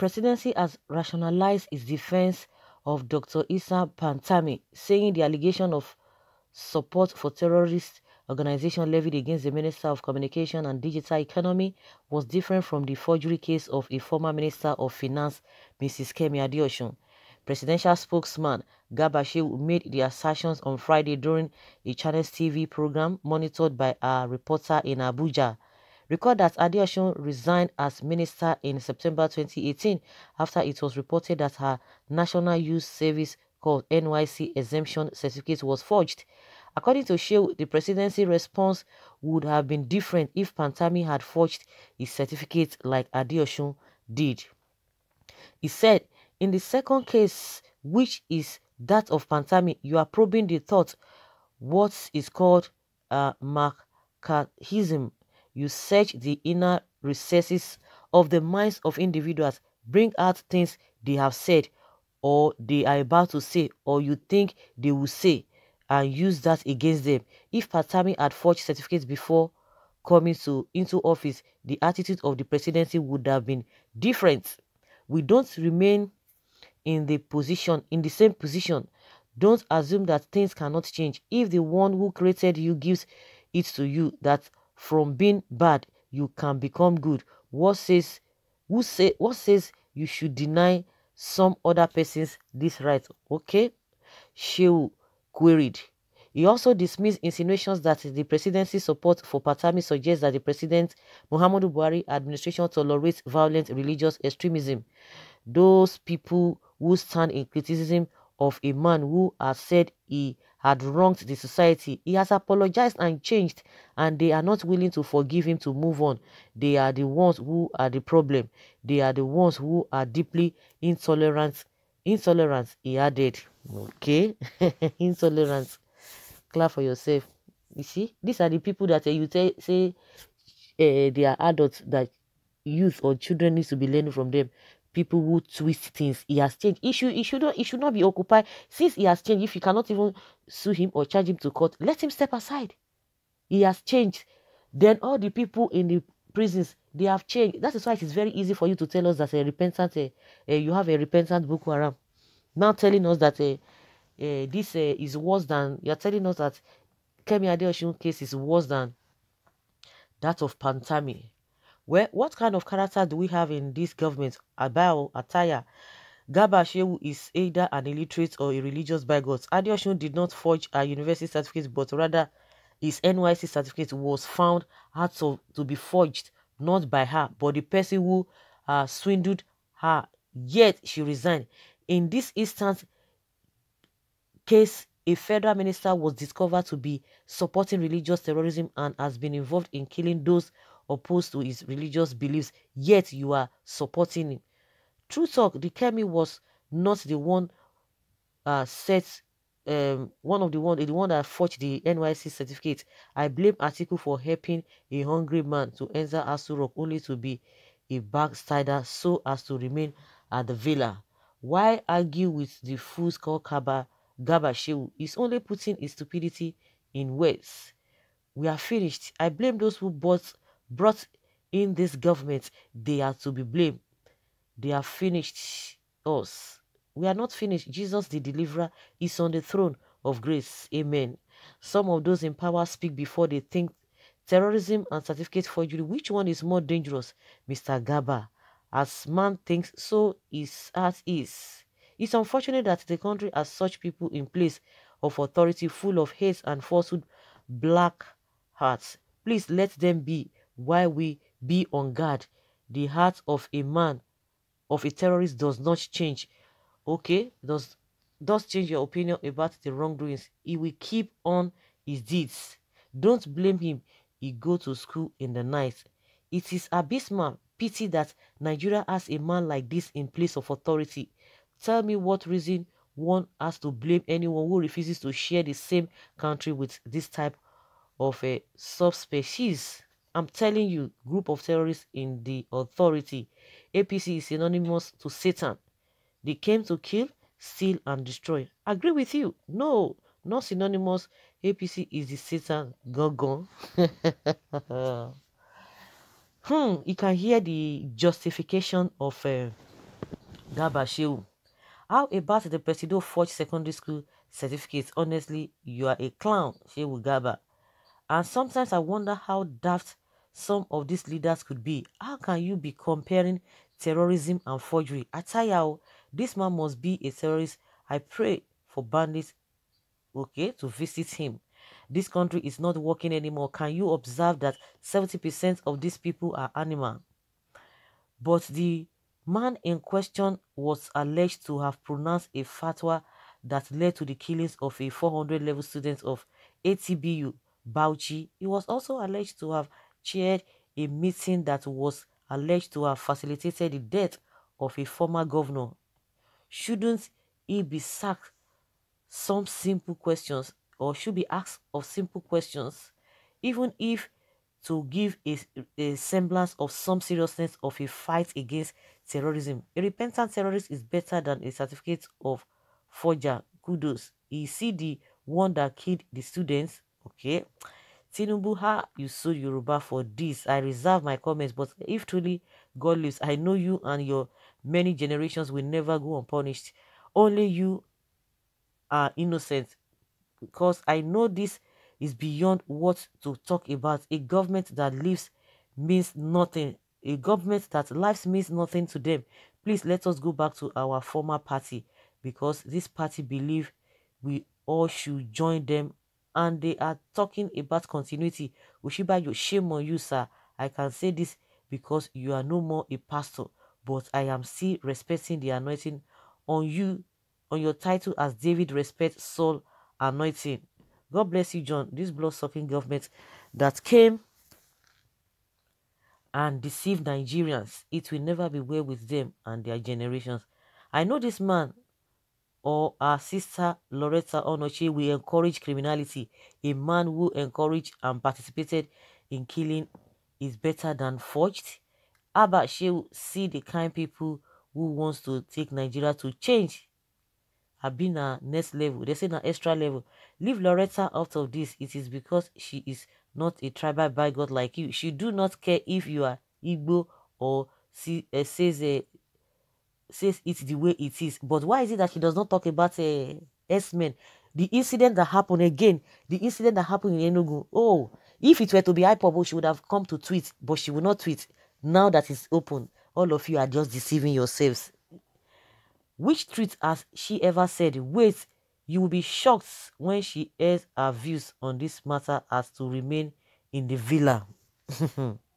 presidency has rationalized its defense of Dr. Issa Pantami, saying the allegation of support for terrorist organization levied against the Minister of Communication and Digital Economy was different from the forgery case of a former Minister of Finance, Mrs. Kemi Adeosun. Presidential spokesman Gabashew made the assertions on Friday during a Channels TV program monitored by a reporter in Abuja. Record that Adeosun resigned as minister in September 2018 after it was reported that her National Youth Service called NYC exemption certificate was forged. According to Shew, the presidency response would have been different if Pantami had forged his certificate like Adeosun did. He said, in the second case, which is that of Pantami, you are probing the thought, what is called uh, Marxism you search the inner recesses of the minds of individuals, bring out things they have said or they are about to say or you think they will say and use that against them. If Patami had forged certificates before coming to into office, the attitude of the presidency would have been different. We don't remain in the position in the same position. Don't assume that things cannot change. If the one who created you gives it to you, that from being bad, you can become good. What says who say what says you should deny some other persons this right? Okay? she queried. He also dismissed insinuations that the presidency's support for Patami suggests that the President Muhammadu Buhari administration tolerates violent religious extremism. Those people who stand in criticism of a man who has said he had wronged the society. He has apologized and changed, and they are not willing to forgive him to move on. They are the ones who are the problem. They are the ones who are deeply intolerant. Intolerance, he added. Okay, intolerance. Clap for yourself. You see, these are the people that uh, you say, say uh, eh, they are adults that youth or children needs to be learning from them people who twist things. He has changed. He should, he should not he should not be occupied. Since he has changed, if you cannot even sue him or charge him to court, let him step aside. He has changed. Then all the people in the prisons they have changed. That is why it is very easy for you to tell us that a eh, repentant uh, you have a repentant Boko Haram. Now telling us that uh, this is worse than you are telling us that Kemi Adeosun case is worse than that of Pantami. Where, what kind of character do we have in this government? Abao, Ataya, Garba Shehu is either an illiterate or a religious bigot. Adioshun did not forge a university certificate, but rather his NYC certificate was found had to, to be forged, not by her, but the person who uh, swindled her. Yet she resigned. In this instance case, a federal minister was discovered to be supporting religious terrorism and has been involved in killing those opposed to his religious beliefs, yet you are supporting him. True talk, The Kemi was not the one uh, set, um, one of the one, the one that forged the NYC certificate. I blame article for helping a hungry man to enter Asurok only to be a backslider so as to remain at the villa. Why argue with the fools called Kaba Gabashew? He's only putting his stupidity in words. We are finished. I blame those who bought brought in this government, they are to be blamed. They have finished us. We are not finished. Jesus, the deliverer, is on the throne of grace. Amen. Some of those in power speak before they think terrorism and certificate forgery. Which one is more dangerous? Mr. Gaba. As man thinks, so is as is. It's unfortunate that the country has such people in place of authority full of hate and falsehood, black hearts. Please let them be while we be on guard, the heart of a man, of a terrorist does not change. Okay, does does change your opinion about the wrongdoings. He will keep on his deeds. Don't blame him. He go to school in the night. It is abysmal pity that Nigeria has a man like this in place of authority. Tell me what reason one has to blame anyone who refuses to share the same country with this type of a eh, subspecies. I'm telling you, group of terrorists in the authority. APC is synonymous to Satan. They came to kill, steal, and destroy. Agree with you. No, not synonymous. APC is the Satan Gogon. hmm, you can hear the justification of uh, eh, Dabashiu. How about the Presido Forge Secondary School certificates? Honestly, you are a clown, Shehu Gaba. And sometimes I wonder how daft some of these leaders could be. How can you be comparing terrorism and forgery? Atayao, this man must be a terrorist. I pray for bandits, okay, to visit him. This country is not working anymore. Can you observe that 70% of these people are animal? But the man in question was alleged to have pronounced a fatwa that led to the killings of a 400 level student of ATBU Bauchi. He was also alleged to have chaired a meeting that was alleged to have facilitated the death of a former governor. Shouldn't he be sacked? Some simple questions, or should be asked of simple questions, even if to give a, a, semblance of some seriousness of a fight against terrorism. A repentant terrorist is better than a certificate of forger. Kudos. Is see the one that killed the students? Okay. Tinubu, ha, you sold Yoruba for this. I reserve my comments, but if truly God lives, I know you and your many generations will never go unpunished. Only you are innocent because I know this is beyond what to talk about. A government that lives means nothing. A government that lives means nothing to them. Please let us go back to our former party because this party believe we all should join them and they are talking about continuity. your shame on you, sir. I can say this because you are no more a pastor, but I am still respecting the anointing on you, on your title as David respects Saul anointing. God bless you, John. This blood-sucking government that came and deceived Nigerians, it will never be well with them and their generations. I know this man or our sister Loretta Onoche will encourage criminality. A man who encouraged and participated in killing is better than forged. Abba will see the kind people who wants to take Nigeria to change. i Have been a next level. They say an extra level. Leave Loretta out of this. It is because she is not a tribal by God like you. She do not care if you are Igbo or says eh, a says it's the way it is. But why is it that she does not talk about uh, eh, S-Men? The incident that happened again, the incident that happened in Enugu. Oh, if it were to be hyperbole, she would have come to tweet, but she will not tweet. Now that it's open, all of you are just deceiving yourselves. Which tweet has she ever said? Wait, you will be shocked when she airs her views on this matter as to remain in the villa.